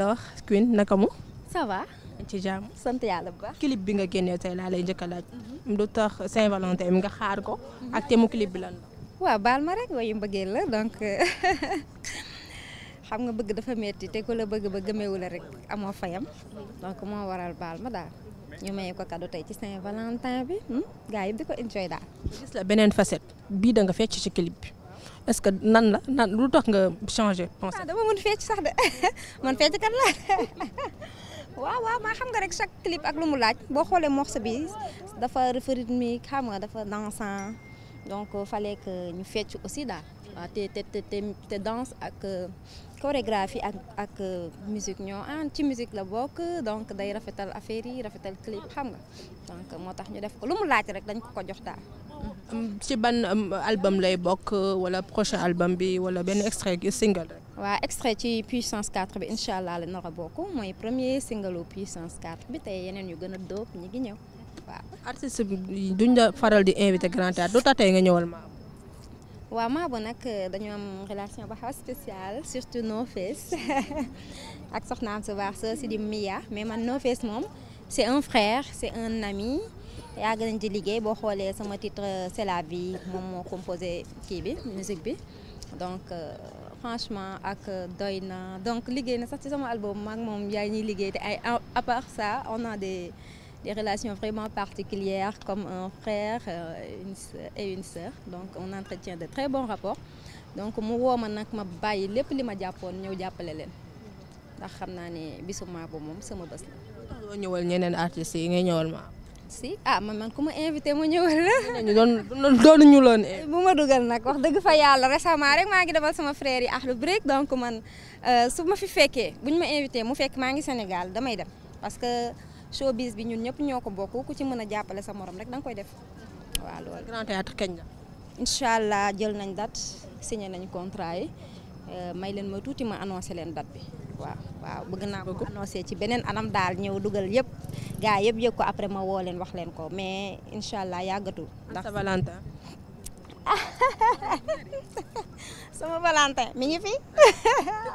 la Queen naka mu. ça va. ci jàmm sant yàlla bu baax. clip bi nga génne tey laa lay njëkk a laaj. Mhm. lu tax Saint-Valentin mi nga xaar ko. Mhm. ak te mu clip bi lan la. waaw baal ma rek wayu mbëggeel la donc xam nga bëgg dafa metti te ku la bëgg ba gëmewu la rek amoo fayam mhm. donc moo waral baal ma daal ñu maye ko kaddu tey ci Saint-Valentin bi hmm? gars yi di ko enjoy daal. gis la beneen facette bii da nga fecc ci clip bi. est-ce que nan la nan lu tax nga changé pensée. ah dama mën fecc sax de man fecc kat la waaw waaw maa xam nga rek chaque clip ak lu mu laaj boo xoolee morceau bi dafa dafa rythmique xam nga dafa dansant donc euh, fallait que ñu fecc aussi daal. waaw ah, te te te te danse ak euh, chorégraphie ak ak euh, musique ñoo ànd ah, ci musique la bokk donc day rafetal affaire yi rafetal clip xam nga donc moo tax ñu def ko lu mu laaj rek dañ ko ko jox daal. ci ban album lay bokk wala prochain album bi wala benn extrait single waa waaw extrait ci puissance 4 bi incha allah la nar bokk mooy premier single puissance 4 bi tey yeneen yu gën a dóob ñi gi ñëw waaw. artiste duñ la faral di invité Grand Théâtre doo tax tey nga ñëwal Maabo. waaw Maabo nag euh, dañu am relation bu xaw spéciale surtout No Face ak soxnaam su baax soo si di Mia mais man No Face moom. c'est un frère c'est un ami yàgg nañ ci liggéey boo xoolee sama titre c'est la vie moom moo composé kii bi musique bi donc euh, franchement ak euh, doy na donc liggéey na sax ci sama album maak moom yaay ñuy liggéey te ay à part ça on a des des relations vraiment particulières comme un frère e et une sœur donc on entretient de très bons rapports donc mu woo ma nag ma bàyyi lépp li ma jàppoon ñëw jàppale leen ndax xam naa ni bisu Mabo moom sama bés la. doo ñëwal ñeneen artistes yi ngay ñëwal ma si ah man man ku ma invité ma ñëwal la. ñu doon doon ñu loon bu ma dugal nag wax dëgg fa yàlla récemment rek maa ngi demal sama frère yi Akhlou Brick donc man euh, su ma fi fekkee bu ñu ma invité mu fekk maa ngi Sénégal damay dem parce que showbiz bi ñun ñëpp ñoo ko bokk ku ci mën a jàppale sa moroom rek danga koy def waaw loolu. Grand kañ la. incha allah jël nañ date signé nañ contrat yi. Euh, may leen ma tuuti ma annoncé leen date bi waaw waaw bëgg naa ko annoncé ci beneen anam daal ñëw dugal yëpp gaa yëpp yëg ko après ma woo leen wax leen ko mais incha allah yàggatul. ndax sa valentin. sama valentin mi ngi